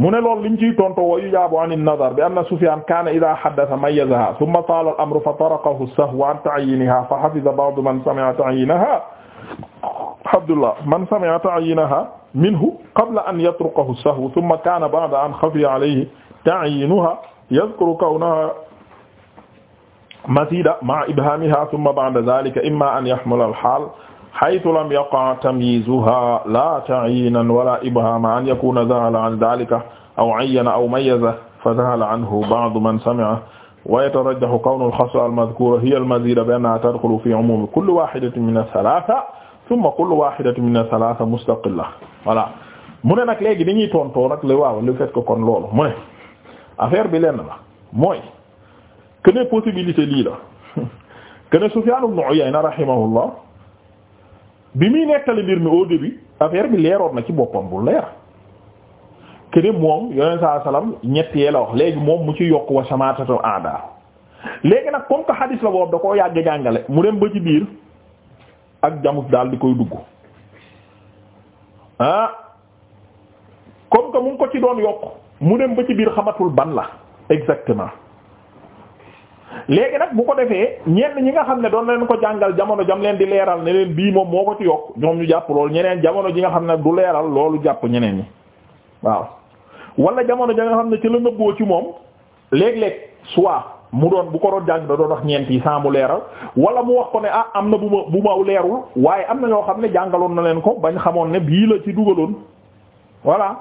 mu ne loolu liñ ciy tonto wa yujaabu an an-nazar bi anna Sufyaan kaana idaa haddatha mayyazahaa thumma taala al-amru fa tarakahu as-sahwu an ta'yiinihaa fa hafiza ba'du man sami'a ta'yiinahaa Abdullah man sami'a ta'yiinahaa minhu qabla an yatrukahu as-sahwu thumma kaana ba'da an khafiya alayhi ta'yiinuhaa yadhkuru kawnahaa masiida ma'a ibhaamihaa thumma ba'da dhaalika immaa an yahmula al-haal haythu lam yaqa tamyizuha la ta'yinan wala ibhama an yakuna zahala an dhalika aw ayyana aw mayyaza fa zahala anhu ba'du man sami'a wa yatarajjahu kawnu al-khassa al-madhkura hiya al-mazida bi annaha tadkhulu fi umumi kulli wahidatin min ath-thalatha thumma kullu wahidatin min ath-thalatha mustaqilla voilà mu ne nag léegi dañuy tontoo nag le waaw le fait que kon loolu mu ne affaire bi lenn la mooy que ne possibilité lii la que ne Sufyan ibn Uyayna rahimahullah bi muy nettali mbir mi au début affaire bi leeroon na ci boppam bu leer kene moom yoneen saa salaam ñett yee la wax léegi moom mu ci yokk wa samaatatu aada léegi nag comme que hadis la boobu da koo yàgg jàngale mu dem ba ci biir ak jamut daal di koy dugg ah comme que mu ngi ko ci doon yokk mu dem ba ci biir xamatul ban la exactement léegi nag bu ko defee ñenn ñi nga xam ne doon leen ko jàngal jamono jam leen di leeral ne leen bii moom moo ko ci yokk ñoom ñu jàpp loolu ñeneen jamono ji nga xam ne du leeral loolu jàpp ñeneen ñi waaw wala jamono ja nga ne ci la nëbboo ci moom léeg-léeg soit mu doon bu ko doon jàng ñeent yi sans mu leeral wala mu wax ko ne ah am na bu ma bu ma leerul waaye am na ñoo xam ne jàngaloon na leen ko bañ xamoon ne bii la ci dugaloon voilà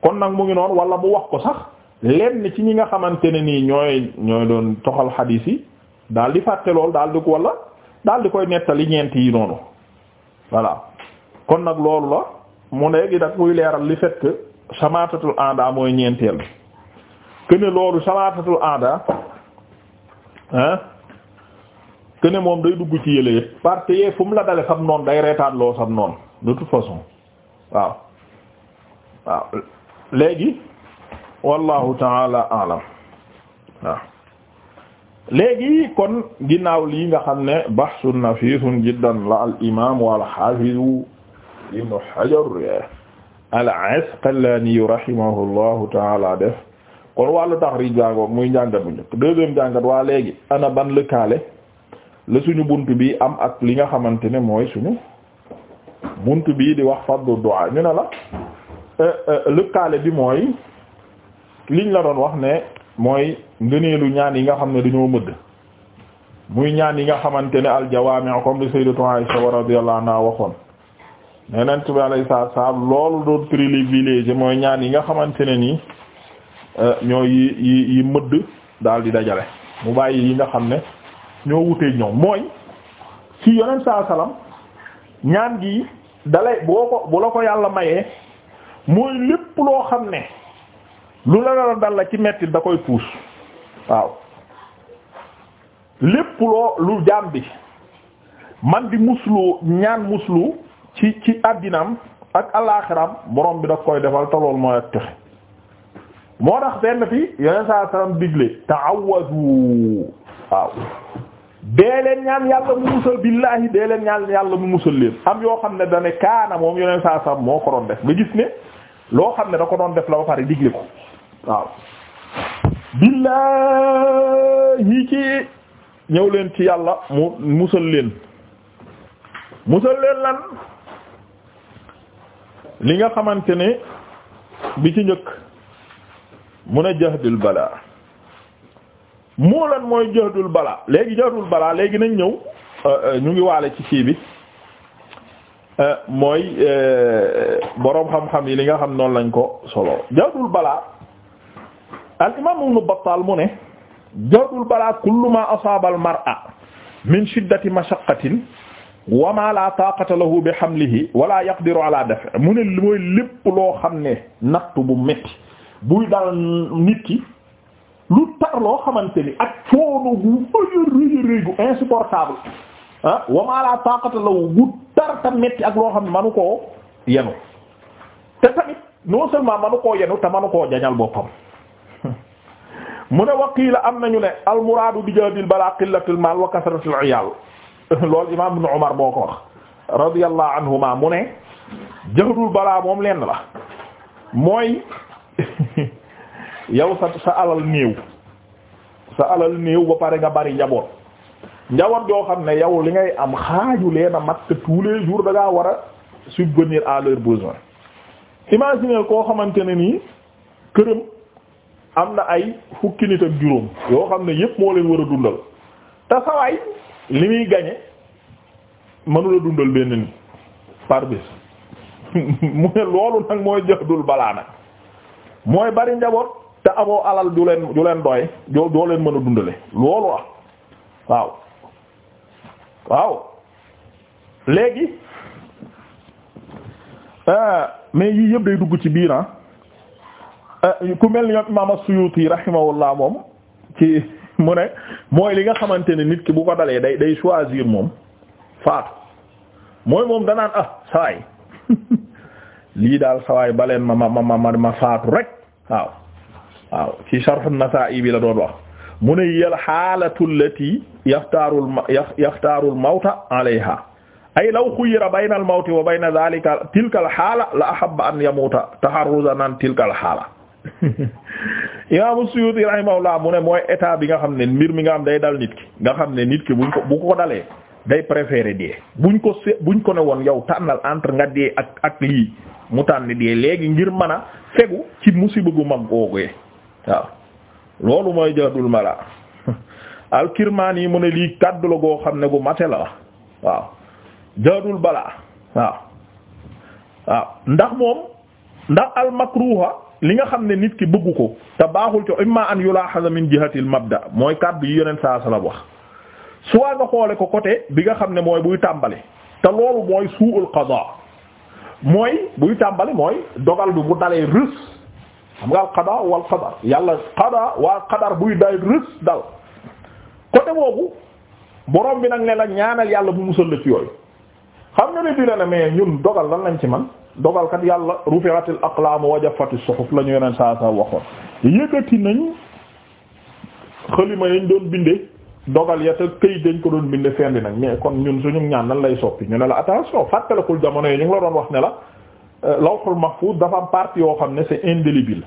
kon nag mu ngi noonu wala mu wax ko sax lenn ci ñi nga xamante ne nii ñooy ñooy doon toxal xadiis yi daal di fàtte lool daal di ko wala daal di koy nettali ñeent yi noonu voilà kon nag loolu la mu léegi nag muy leeral li fekk samaatatul anda mooy ñeenteel bi këne loolu samaatatul anda hein këne moom day dugg ci yële yëpp parce que yee fu mu la dale sam noon day reetaan loo sam noon de toute façon waaw waaw léegi wallahu taala alam waaw léegi kon ginnaaw lii nga xam ne bahsun nafisun jiddan la al imam wal hafiz ibnu hajar al asqalani rahimahullahu taala def kon wàllu taxrij baango muy njàngat bu njëkk waa léegi ana ban lëkkaale la bunt bi am ak li nga xamante ne mooy suñu bunt bi di wax fadlu du'a ñu ne la euh, euh, lëkkaale bi mooy liñ la doon wax ne mooy ngëneelu ñaan yi nga xam ne dañoo mëdd muy ñaan yi nga xamante ne aljawaami' comme li sayyidatu Aisha radiyallahu anha waxoon nenent bi alayhi salaatu salaam loolu doon privilégié mooy ñaan yi nga xamante ne ni euh, ñooy yi yi mëdd daal di dajale mu bàyyi yi nga xam ne ñoo wuteeg ñoom mooy ci yonent saa salaam ñaan gi dalay boo ko bu la ko yàlla mayee mooy lépp loo xam ne lu la la dal la ci metti da koy puus waaw lépp loo lu jaam bi man di muslu ñaan muslu ci ci àddinaam ak alaaxiram borom bi da koy defal te loolu mooy ak texe moo tax benn fi yeneen saa salaam digle ta'awwazu waaw dee leen ñaan yàlla mu musal billaahi dee leen ñaan yàlla mu musal leen am yoo xam ne dane kaana moom yeneen saa salaam moo ko doon def nga gis ne loo xam ne da ko doon def la ba pare digle ko waaw billaahi ci ñëw leen ci yàlla mu musal leen musal leen lan li nga xamante ni bi ci njëkk mun a jahdul balaa moo lan mooy jahdul balaa léegi jahdul balaa léegi nañ ñëw euh, euh, ñu ngi waale ci sii bi euh, mooy boroom xam-xam yi li nga xam noonu lañ ko solo jahdul balaa al imam ibnu Battaal mu ne jawdul balaa kullu ma asaaba al mar'a min shiddati mashaqqatin wa ma la taqata lahu bi hamlihi wala yaqdiru ala daf'i mu ne mooy lépp loo xam ne nattu bu metti buy dal nit ki lu tar loo xamante ni ak coono gu rëy rëy gu insupportable ah wa ma la taqata lahu bu tar ta metti ak loo xam ne manu koo yenu te tamit non seulement manu koo yenu te manu koo jañal boppam mu ne waqiila am nañu ne almuraadu bi jaadil balaa qillatul maal wa kasratul iyaal loolu imaam ibn Umar boo ko wax radiyallahu anhuma mu ne jahdul balaa moom lenn la mooy yow sa sa alal néew sa alal néew ba pare nga bari njaboot njaboot yoo xam ne yow li ngay am xaaju leen a mat tous les jours da ngaa war a à leurs besoins imaginer koo xamante ne nii këram am na ay fukki nit ak juróom yoo xam ne yépp moo leen war a dundal te sawaay li muy gañe mënula dundal benn nit par bés mu ne loolu nag mooy jahdul balaa nag mooy bari njaboot te amoo alal ju leen ju leen doy joo joo leen mën a dundale loolu la waaw waaw léegi euh, mais yii yëpp day dugg ci biir ah. Euh, ku mel ni imaam as-Suyuti rahimahullah moom ci mu ne mooy li nga xamante ne nit ki bu ko dalee day day choisir moom faatu mooy moom danaan ah sawaay lii daal sawaay baleen ma ma ma ma ma faatu rek waaw waaw ci Sharh an-Nasa'i bi la doon wax mu ne yal xaalatu allati yaxtaarul yaxtaarul mawta alayha ay law xuyira bayna al mawti wa bayna dhalika tilka al xaala la ahabba an yamuuta taharruzan an tilka al xaala imaamu Suyuti rahimahullah mu ne mooy état bi nga xam ne mbir mi nga xam day dal nit ki nga xam ne nit ki buñ ko bu ko dalee day préférer dee buñ ko se buñ ko ne woon yow tànnal entre nga dee ak ak lii mu tànn dee léegi ngir mën a fegu ci musiba gu mag googee waaw loolu mooy jaadul mala alkirmaan yi mu ne lii kàddu la goo xam ne gu mate la waaw jaadul balaa waaw ndax moom ndax almakruha li nga xam ne nit ki bëggu ko te baaxul co imma an yulahaza min jihatil mabda mooy kàddu yi yeneen saa sala wax soit nga xoole ko côté bi nga xam ne mooy buy tàmbali te loolu mooy suul qada mooy buy tàmbali mooy dogal bi bu dalee rës xam nga yàlla qada buy day rës dal côté boobu borom bi nag ne la ñaanal yàlla bu musal la ci yooyu xam nga ne di la ne mais ñun dogal lan lañ ci man dogalkat yàlla rufi'atil aqlaam wa jaffatis suhuf la ñu yeneen saa saa waxoon yëkkati nañ xalima yañ doon binde dogal ya te këyit dañ ko doon binde fendi nag mais kon ñun suñu ñaan nan lay soppi ñu ne la attention fàttalikul jamono yi ñu la doon wax ne la euh, lawhul mahfuz dafa am partie yoo xam ne c'est indélébile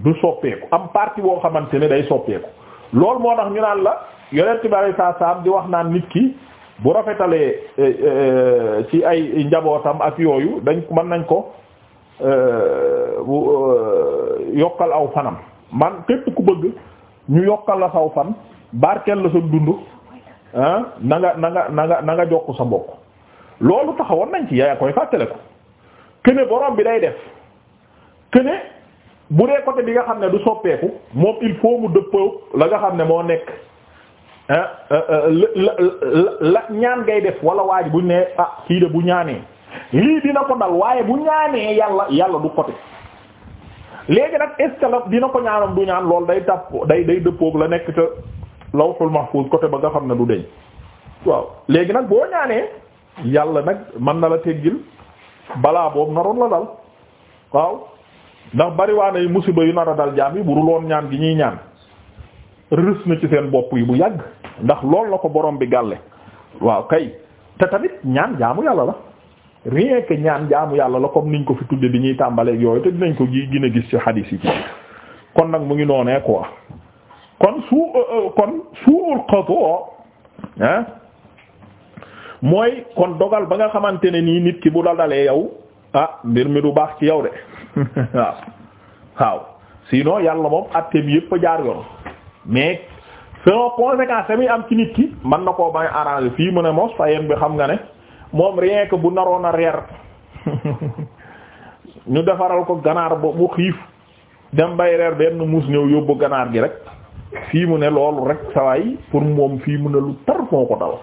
du soppeeku am partie boo xamante ne day soppeeku loolu moo tax ñu naan la yonent bi sallallahu alayhi di wax naan nit ki bu rafetalee eh, eh, ci ay njabootam ak yooyu dañ mën nañ ko eh, yokkal aw fanam man képp ku bëgg ñu yokkal la saw fan barkeel la sa dund ah na nga na nga na nga jokk sa mbokk loolu taxawoon nañ ci yaa koy fàttale ko kene borom bi day def kene bu dee côté bi nga xam ne du soppeeku moom il faut mu dëppoo la nga xam ne moo nekk Eh, eh, eh, la ñaan gay def wala waaj bu buñ ne ah kii de bu ñaanee lii dina ko dal waaye bu ñaanee yàlla yàlla du côté léegi nag est-ce la dina ko ñaanam du ñaan lool day tàpp day day dëppoog la nekk ca lawhul mahfuz côté ba nga xam ne du deñ waaw léegi nag boo ñaanee yàlla nag man na la teggil balaa boobu naroon la dal waaw ndax bariwaane yi musiba yu nar a dal jaam yi bu dul woon ñaan gi ñuy ñaan rës na ci seen bopp yi bu yàgg ndax loolu la ko boroom bi gàlle waaw kay te tamit ñaan jaamu yàlla la rien que ñaan jaamu yàlla la comme niñ ko fi tudde bi ñuy tàmbaleeg yooyu te dinañ ko gi gën a gis ci xadiis yi kon nag mu ngi noonee eh, quoi kon suu euh, euh, kon suul xato mooy kon dogal ba nga xamante ne nii nit ki bu la dalee yow ah mbir mi du baax ci yow de waaw waaw sinon yàlla moom atte bi yëpp a jaar yoon mais selon conséquence yi am ci nit ki mën na koo bañ arranger fii mu ne mos fayeen bi xam nga ne moom rien que bu naroon a reer ñu defaral ko ganaar ba bu xiif dem bay reer benn muus ñëw yóbbu ganaar gi rek fii mu ne loolu rek sawaay pour moom fii mu ne lu tar moo ko dal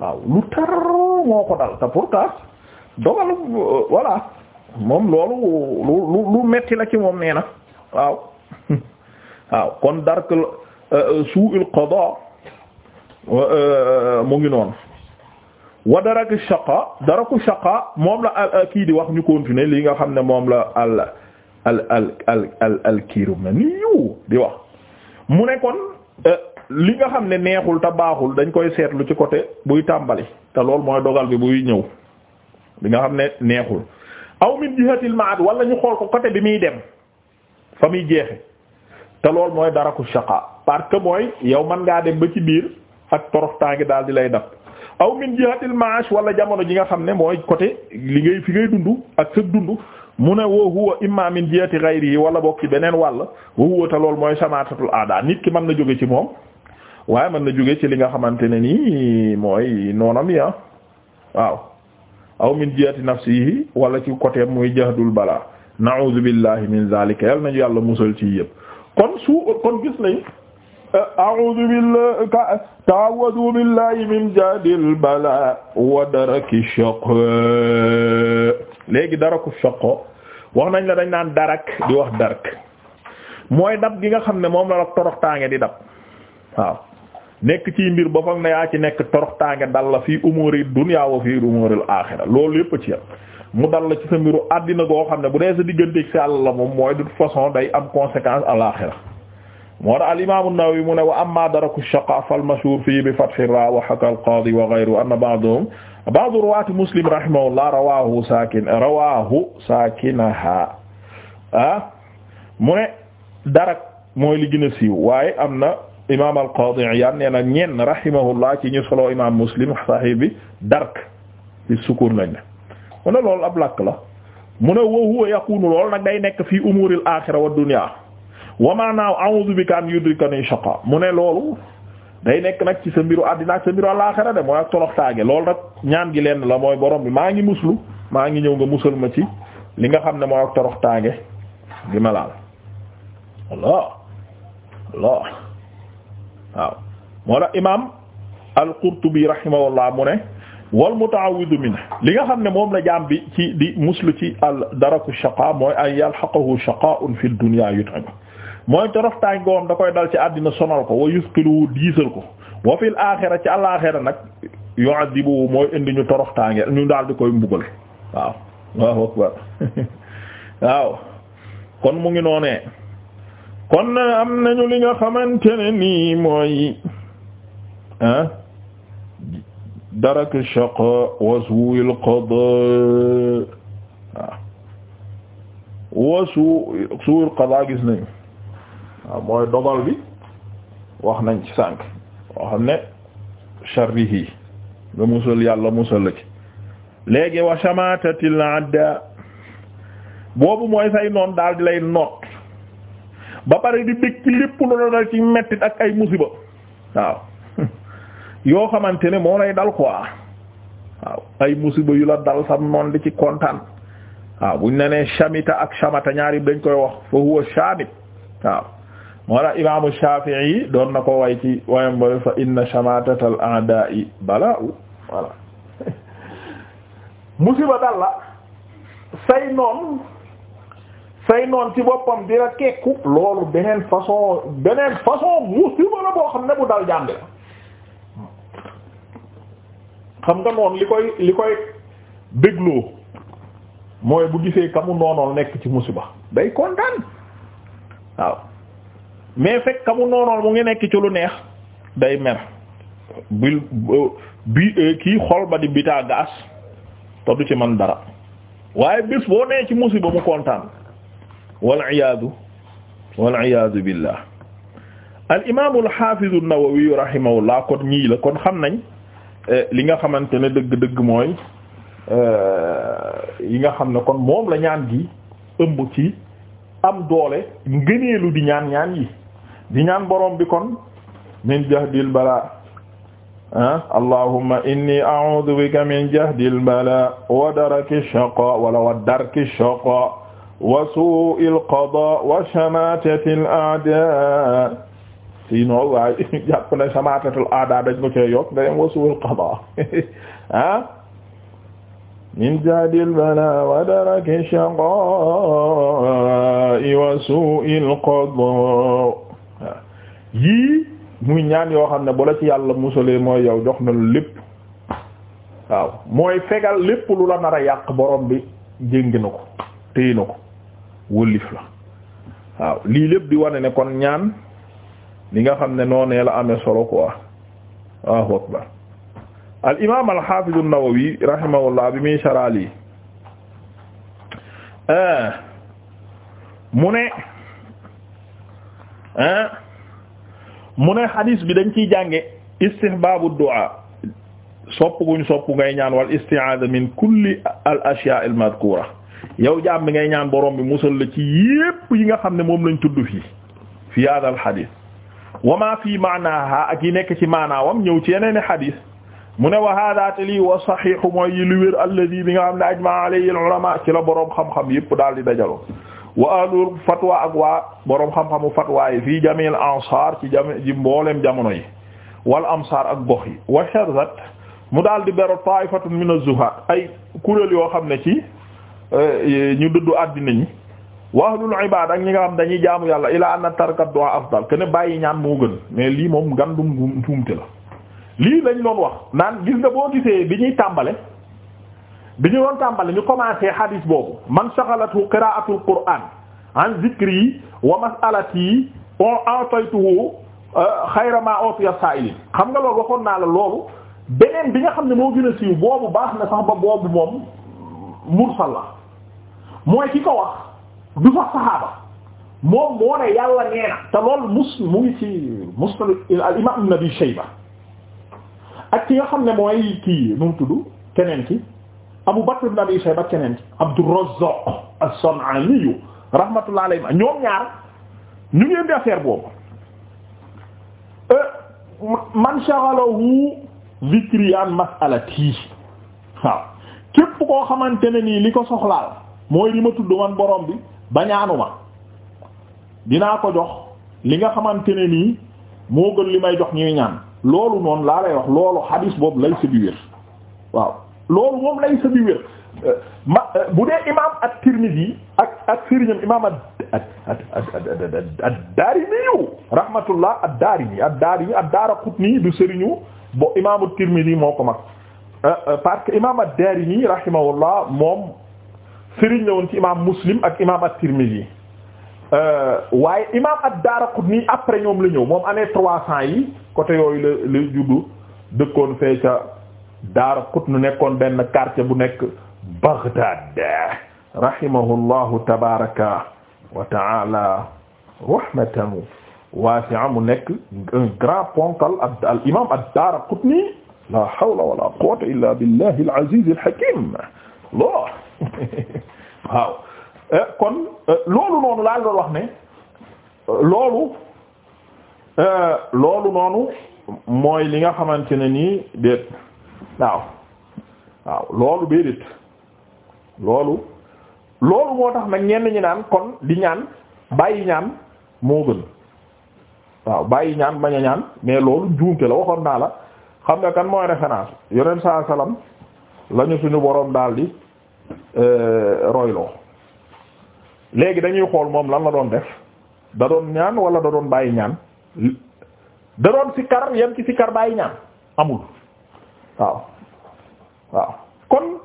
waaw lu tar moo ko dal te pourtant dogal voilà moom loolu lu lu metti la ci moom nee na waaw waaw kon dark su'ul qada euh, mu ngi noonu wa dara daraku shaqa daraku shaqa moom la euh, kii di wax ñu continuer lii nga xam ne moom la al al al al al na Kirmaniyu di wax mu nekkoon kon euh, li nga xam ne neexul te baaxul dañ koy seetlu ci côté buy tàmbali te loolu mooy dogal bi buy ñëw li nga xam ne neexul aw min jihatil ma'ad wala ñu xool ko côté bi muy dem fa muy jeexe te loolu mooy daraku shaqa parce que mooy yow man ngaa dem ba ci biir ak toroxtaange daal di lay dab aw min jihatil maash wala jamono ji nga xam ne mooy côté li ngay fi ngay dund ak sa dund mu ne wa huwa imma min jihati ghayri yi wala bokk beneen wàll wa huwa te loolu mooy samaatatul aada nit ki man na jóge ci moom waaye man na jóge ci li nga xamante ne nii mooy noonam ya waaw aw min jihati nafsihi walla ci côté muy jahdul balaa na'udhu billahi min zalika yal nañu yàlla musal ci yëpp kon su kon gis nañ a'udhu billahi ta'awwadu billahi min jadil bala wa daraki shaqaa léegi daraku shaqaa wax nañ la dañ naan darak di wax darak mooy dab gi nga xam ne moom la la toroxtaange di dab waaw nekk ci mbir ba foog na yaa ci nekk toroxtaange dal la fi umuri dunya wa fii umuril aaxira loolu yépp ci yam mu dal la ci sa mbiru àddina goo xam ne bu dee sa digganteeg si àll la moom mooy de toute façon day am conséquence àlaxira moo tax al imam an-Nawawi mu ne wa amma daraku shaqa fal mashhur fii bi fathi ra wa haka al-qadi wa ghayru anna ah, waaye am na imam al-Qadi Iyad nee na ñenn ci ñu solo imam muslim sahih bi dark ci sukkur lañ mu ne loolu ab làkk la mu ne wa huwa yakunu lool nag day nekk fii umuril aaxira wa dunya wa maanaaw a'udhu bika mu ne loolu day nekk nag ci sa mbiru àddina ak sa mbiru alaaxira de mooy ak toloxtaange loolu nag ñaan gi lenn la mooy borom bi maa ngi muslu maa ngi ñëw nga musal ma ci li nga xam ne mooy ak toroxtaange gi ma laal Allah Allah waaw moo tax imaam al-Qurtubi rahimahullah mu ne wal muta'awwidu minhu li nga xam ne moom la jaam bi ci di muslu ci al daraku shaqa mooy ay yalhaqahu shaqa'un fi dunya yut'im mooy toroxtaay goom da koy dal ci àddina sonal ko wa yusqiluhu ko wa fil aaxira ci alaaxira nag yu'adibu mooy indi ñu toroxtaange ñu daal di koy mbugal waaw waaw akbar waaw kon mu ngi noonee kon am nañu li nga xamante ne mooy ah daraka shaqa wa suu'il qadaa waaw wa suu'il qadaa gis nañu waaw mooy dogal bi wax nañ ci sànq woo xam ne sharrihi la musal yàlla musal la ci léegi wa shamaatatil adda boobu mooy say noon daal di lay noot ba pare di dëkk ci lépp lu ci mettit ak ay musiba waaw yoo xamante ne moo lay dal quoi waaw ay musiba yu la dal sam noon di ci kontaan waaw buñ ne nee shamita ak shamata ñaari dañ koy wax fa huwa shamit waaw moo la imaamu Shafi'i doon na ko way ci wayam bari fa inna shamatata al a'da'i bala'u voilà musiba dal la say noon say noon ci boppam dina kekku loolu beneen façon beneen façon musiba la boo xam ne bu dal jàmbi la xam nga noonu li koy li koy bégloo mooy bu gisee kamu noonool nekk ci musiba day kontaan waaw mais fekk kamu noonool mu ngi nekk ci lu neex day mer bi bi kii xol ba di bitaa gaas te du ci man dara waaye bis boo nee ci musiba mu kontaan wal iyaadu wal iyaadu billah al imaamul xaafizu an-Nawawi rahimahullah kon ñii la kon xam nañ Euh, li nga xamante ne dëgg-dëgg mooy euh, yi nga xam ne kon moom la ñaan gi ëmb ci am doole ngëneelu di ñaan ñaan yi di ñaan borom bi kon min jahdil balaa ah allahumma inni a'udhu bika min jahdil balaa wa daraki shaqa wala wa darki shaqa wa su'il qada wa shamaatatil a'daa sinon waaye jàpp na samaatatul aada dañ ko cee yokk nga wasuwul qada ah min jaadil bala wa daraki shaqaa'i wa su'il qadaa yii muy ñaan yoo xam ne bu ci yàlla musalee mooy yow jox na lu lépp waaw mooy fegal lépp lu la nar yàq borom bi jéngi na ko téye na ko wëlif la waaw lii lépp di wane ne kon ñaan li nga xam ne noonee la amee solo ko waaw akbar al imaam al xaafiz an-Nawawi bi muy saraal yi eh, mu ne eh, mu ne xadiis bi dañ ciy jànge istihbaabu du'a sopp guñ sopp ngay ñaan wal isti'aada min kulli al ashyaa al madkuura yow jaam bi ngay ñaan borom bi musal la ci yépp yi nga xam ne moom lañ tudd fii fi hada al wa ma fi maanaaha ak yi nekk ci maanaawam ñëw ci yeneen i xadis mu ne wa hada li lii wa saxiixu mooy yi lu wér alladi bi nga xam ne ajmaa alayhi al ulama ci la boroom xam-xam yëpp daal di dajaloo wa ahlul fatwa ak waa boroom xam-xamu fatwa yi fii jamil ansar ci jam ci mboolem jamono yi wal amsar ak gox yi wa sharzat mu daal di bero taifatun min az-zuhad ay kuréel yoo xam ne ci eh, ñu dudd àddina ñi wa ahlul ibaada ak ñi nga xam dañuy jaamu yàlla ila anna tarka du'a afdal ken bàyyi ñaan moo gën mais lii moom ngandum tuumte la lii lañ doon wax naan gis nga boo gisee bi ñuy tàmbale bi ñu doon tàmbale ñu commencé hadis boobu man shaghalatu qira'atul qur'an an zikri wa mas'alati on ataytuhu euh, xayra ma utiya sa'ilin xam nga loolu waxoon naa la loolu beneen bi nga xam ne moo gën a siiw boobu baax na sax ba boobu moom mursal la mooy ki ko wax du sax saxaaba moom moo ne yàlla nee te loolu mus mu ngi ci musnad al imam ibn abi ak ki nga xam ne mooy kii nu mu tudd keneen ki abu bakr ibn abi keneen ki abdurrazzaq as-san'ani rahmatullah alayhi ñoom ñaar ñu ngi indi affaire boobu euh, man shaghalahu dhikri mas'alati waaw képp koo xamante ne nii li ko soxlaal mooy li ma tudd man borom bi bañaanuma dinaa ko jox li nga xamante ne nii moo gën li may jox ñuy ñaan loolu noon laa lay wax loolu hadis boobu lay sa bi waaw loolu moom lay sa bi wér ma bu dee imaam at-Tirmidhi ak ak sëriñam imaam ak ak ad-Daarimi rahmatullah ad-Daarimi ad-Daarimi ad-Daaraqutni du sëriñu bo imaamu at moo ko mag euh, euh, parce que imaam ad-Daarimi rahimahullah moom. sëriñ la ci imaam muslim ak imaam at-Tirmidhi euh, waaye imaam ad-Daraqutni après ñoom la ñëw moom année trois cent yi côté yooyu la la juddu dëkkoon fee ca Daraqutni nekkoon benn quartier bu nekk Baghdad rahimahullahu tabaraka wa taala rahmatan wasi'a mu nekk un al imaam la hawla wala quwwata illa billahi al-aziz al-hakim waaw eh, kon eh, loolu noonu laa doon wax ne eh, loolu loolu noonu mooy li nga xamante ne nii déet waaw waaw loolu déedéet loolu loolu moo tax nag ñenn ñi naan kon di ñaan bàyyi ñaan moo gën waaw bàyyi ñaan bañ ñaan mais loolu njuumte la waxoon naa la xam nga kan mooy référence yoneen saa salaam lañu suñu boroom daal di Euh, royloo léegi dañuy xool moom lan la doon def da doon ñaan wala da doon bàyyi ñaan da doon sikkar yem ci sikkar bàyyi ñaan amul waaw waaw kon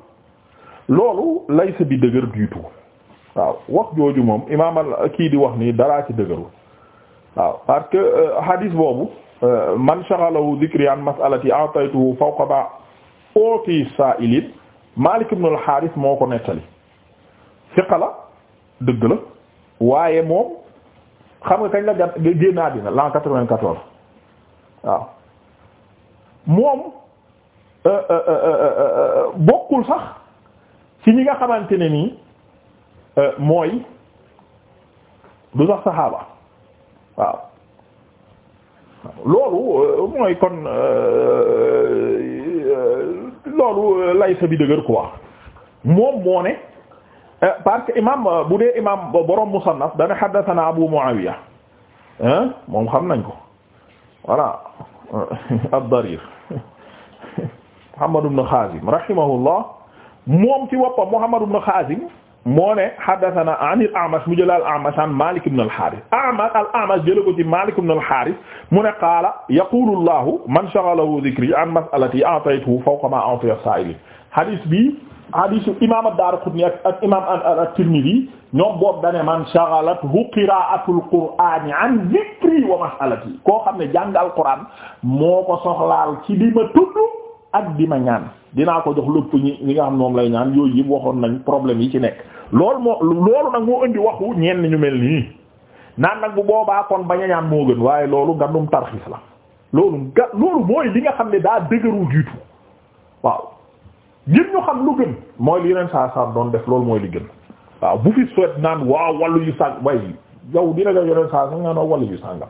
loolu lay sa bi dëgër du tout waaw wax jooju moom imaamal kii di wax nii daraa ci dëgëru waaw parce que euh, hadis boobu euh, man shaghalahu dhikri an mas'alati a'taytuhu fawqa ba oti sa'ilin Malik ibn al moo ko nettali fiqa la dëgg la waaye moom xam nga kañ la gàtt génn àddina l'an quatre-vingt-quatorze waaw moom euh, euh, euh, bokkul sax ci ñi nga xamante ne nii mooy du sax saxaaba waaw loolu mooy kon loolu euh, lay sa bi dëgër quoi moom moo ne euh, parce que imam euh, bu dee imam borom musannaf dana haddathana abu muawiya moom xam nañ ko voilà ad-darir muhammad ibn xaazim rahimahullah moom ci woppam muhammad ibn xaazim moo ne haddathana anil A'mash mu jëlee al A'mash an Malik ibn al Harith A'mash al A'mash jëlee ko ci Malik ibn al Harith mu ne qaala yaqulu Allahu man shaghalahu dhikri an mas'alati a'taytuhu fawqa ma a'tiya as-sa'ilin hadith bi hadisu imam ad-Daraqutni ak imam at-Tirmidhi ñoom boobu dane man shaghalathu qira'atul qur'ani an dhikri wa mas'alati koo xam ne jàngal Qur'an moo ko soxlaal ci bi ma tudd ak bi ma ñaan dinaa ko jox lépp ñi ñi nga xam ne moom lay ñaan yooyu yëpp waxoon nañ problème yi ci nekk loolu moo loolu nag moo indi waxu ñenn ñu mel nii naan nag bu boobaa kon bañ a ñaan moo gën waaye loolu ngandum tarxiis la loolu nga loolu mooy li nga xam ne daa dëgërul du tout waaw ngir ñu xam lu gën mooy li yeneen saa saa doon def loolu mooy li gën waaw bu fi soit naan waaw wàllu yu sàng way yow dina nga yeneen saa saa nga naan wàllu yu sàngam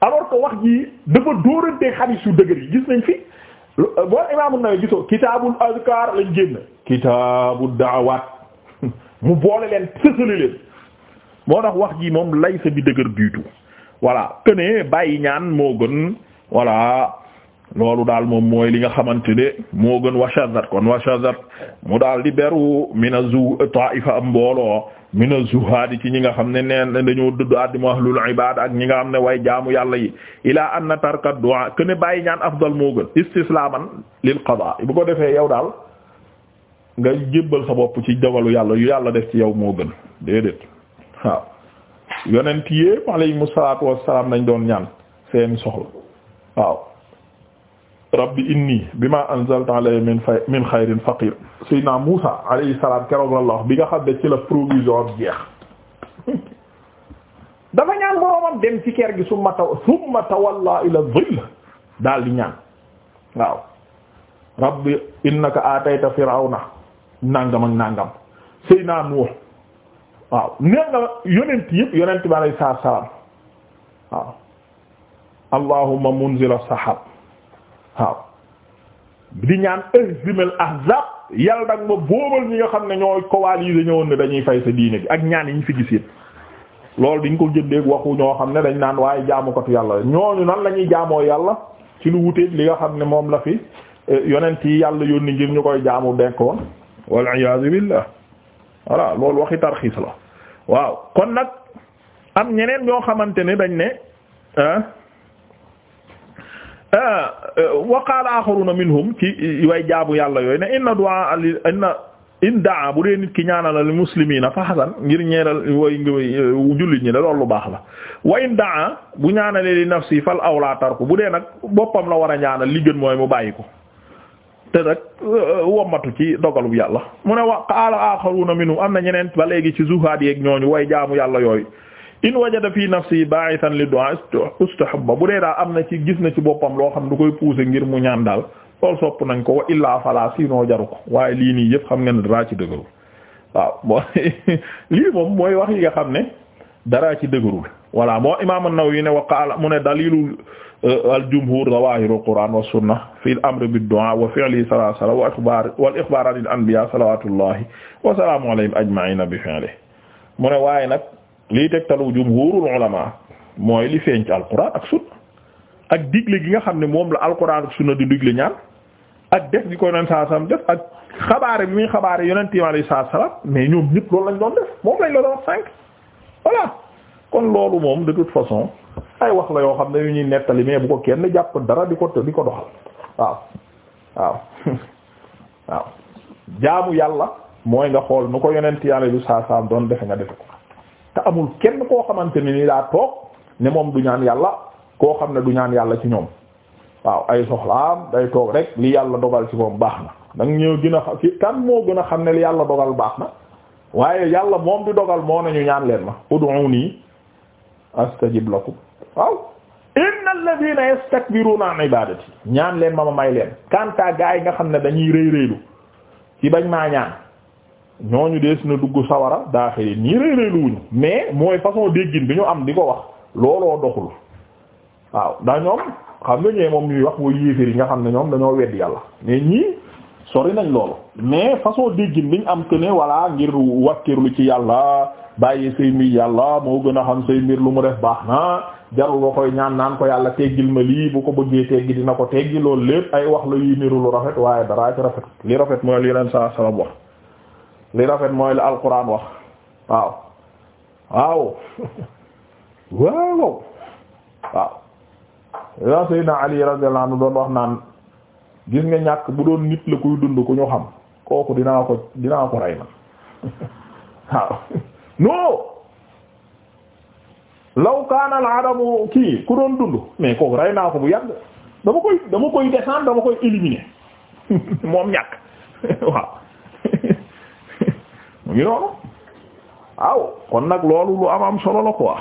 alors que wax ji dafa dóorante xadiis yu dëgër yi gis nañ fi euh, boo Imaam An-Nawawi gisoo kitaabul azkaar lañ génn kitaabud mu boole leen sësale leen moo tax wax ji moom lay bi dëgër biitu voilà kënee bàyyi ñaan moo gën voilà loolu daal moom mooy li nga xamante ne moo gën washazat kon washazat mu daal di beru mina zu taifa am mbooloo mina zuhaadi ci ñi nga xam ne neen dañoo dëdd addi mu ahlul ibad ak ñi nga xam ne way jaamu yàlla yi ilaa anna tarka du'a këne bàyyi ñaan afdal moo gën istislaaman lil qada bu ko defee yow daal nga jébbal sa bopp ci dogalu yàlla yu yàlla def ci yaw moo gën déedéet waaw yonent yépp alayhimu salaatu wassalaam dañ doon ñaan seen soxla waaw rabbi inni bima anzalta alayya min fay min xayrin faqir sayyidina Muusa alayhi salaam keroog la wax bi nga xam ne ci la provision jeex dafa ñaan boroomam dem ci kër gi summa taw summa tawalla ila dhill di ñaan waaw rabbi innaka atayta fir'awna nangam ak nangam Seydina Nuux waaw nee nga yonent yëpp yonent bi alayhi salaatu salaam waaw allahumma munzil as-sahab waaw di ñaan ahzimil ahzab yàlla dag ma boobal ñi nga xam ne ñoo coalisé ñëwoon dañuy fay sa diine bi ak ñaan yi ñu fi gis yëpp loolu diñ ko jëndeeg waxu ñoo xam ne dañ naan waaye jaamukatu yàlla ñooñu nan la ñuy jaamoo yàlla ci lu wuteeg li nga xam ne moom la fi eh, yonent yi yàlla yónni ngir ñu koy jaamu dekkoon wal iyaazu billah voilà loolu waxi tarxiis la waaw kon nag am ñeneen ñoo xamante ni dañ ne wa qaala axaruna minhum ci way jaabu yàlla yooyu ne inna du'a inna in daa bu dee nit ki ñaanal li muslimiina fa xasan ngir ñeeral way jullit ñi de loolu lu baax la wa in daa bu ñaanalee li nafsi fal awlaa tarku bu dee nag boppam la war a ñaanal li gën mooy mu bàyyi ko te nag euh, wommatu ci dogalub yàlla mu ne wa qaala aaxaruna minhum am na ñeneen ba léegi ci zuhaad yeeg ñooñu way jaamu yàlla yooyu in wajada fi nafsi ba'ithan li du'a ustahabba bu dee daal am na ci gis na ci boppam loo xam du koy pousser ngir mu ñaan daal lool sopp nañ ko wa illaa fala sinoo jaru ko waaye lii nii yëpp xam nga ne daraa ci dëgëru waaw bon lii moom mooy wax yi nga xam ne daraa ci dëgërul voilà moo imaam an-Nawawi ne wa qaala mu ne dalilu Euh, al-jumhuur zawaahiru qur'aan wa sunna fi al-amri bid-du'aa wa fi'li sallallahu wa sallam wa ikhbaar wal ikhbaar an al mu ne waaye nag liy tegtalu jumhuurul ulamaa mooy li feeñ ci alquran ak sunna ak digle gi nga xam ne moom la alquran ak sunna di digle ñaan ak def gi ko yonent salaam def ak xabaare bi muy xabaare yonent yi salaam mais ñoom ñëpp loolu lañ doon def moom lañ la doon wax sànq kon loolu moom de toute façon. ay wax la yoo xam ne yu ñuy nettali mais bu ko kenn jàpp dara di ko di ko doxal waaw waaw jaamu yàlla mooy nga xool nu ko yonent yàlla bi saa saa doon defe nga defe ko te amul kenn koo xamante ne ni daa toog ne moom du ñaan yàlla koo xam ne du ñaan yàlla ci ñoom waaw ay soxlaam day toog rek li yàlla dogal ci moom baax na danga ñëw gën a xam kan moo gën a xam ne li yàlla dogal baax na waaye yàlla moom di dogal moo nañu ñaan leen ma ud'uni astajib lakum waaw inna alladhina yastakbiruna an ibadati ñaan leen ma ma may leen kanta gaa yi nga xam ne dañuy rëy rëylu ci bañ maa ñaan ñooñu dees na dugg sawara daaxili ñii rëy rëylu mais mooy façon déggin bi ñu am di ko wax looloo doxul waaw ndax ñoom xam nga ñee moom ñuy wax mooy yéeféer yi nga xam ne ñoom dañoo wedd yàlla mais ñii sori nañ loolu mais façon déggin bi ñu am que ne voilà ngir wàkkirlu ci yàlla bàyyi say mbir yàlla moo gën a xam say mu def baax jarul nga koy ñaan naan ko yàlla teggil ma lii bu ko bëggee teggi dina ko teggi loolu lépp ay wax la yuy niru lu rafet waaye daraa ci rafet li rafet mooy li leen sa salam wax li rafet mooy li alquran wax waaw waaw waaw waaw yaa Seydina Ali radiyallahu anhu doon wax naan gis nga ñàkk bu doon nit la kuy dund ku ñu xam kooku dinaa ko dinaa ko rey man waaw non law kaana al adamu kii ku doon dund mais kooku rey naa ko bu yàgg dama koy dama koy descendre dama koy éliminer moom ñàkk waaw mu ngi noonu waaw kon nag loolu lu am am solo la quoi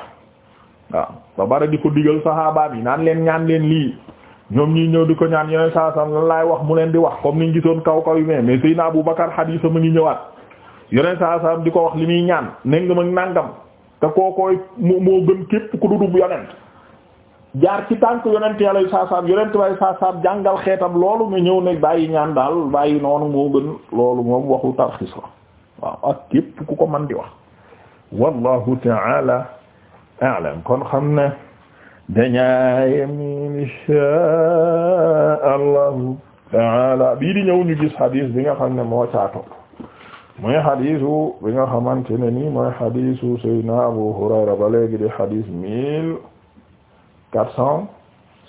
waaw ba bara di ko digal saxaabaam yi naan leen ñaan leen lii ñoom ñii ñëw di ko ñaan yeneen saa saa lan laay wax mu leen di wax comme niñ gisoon kaw kaw yi mais mais Seydina Abu Bakar xadiisa mu ngi ñëwaat yeneen saa di ko wax li muy ñaan nengam ak nangam. te kookooy moo gën képp ku dudub yonent jaar ci tànk yonent yàlla yu saasaam yonent yàlla yu saasaam jàngal xeetam loolu nga ñëw ne bàyyi ñaan daal bàyyi noonu moo gën loolu moom waxu tarxis la waaw ak képp ku ko man di wax wallahu ta'ala a'lam kon xam ne dañaayem insha allahu ta'ala bii di ñëw ñu gis hadis bi nga xam ne moo caato mooy xadisu bi Abu Hurayra ba léegi di xadis mille quatre cent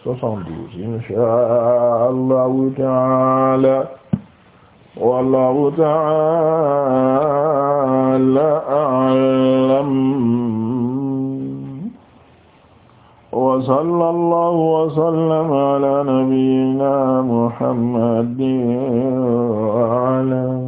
soixante-douze inshaa Allahu taala wallahu taala a'lam wa sallallahu wa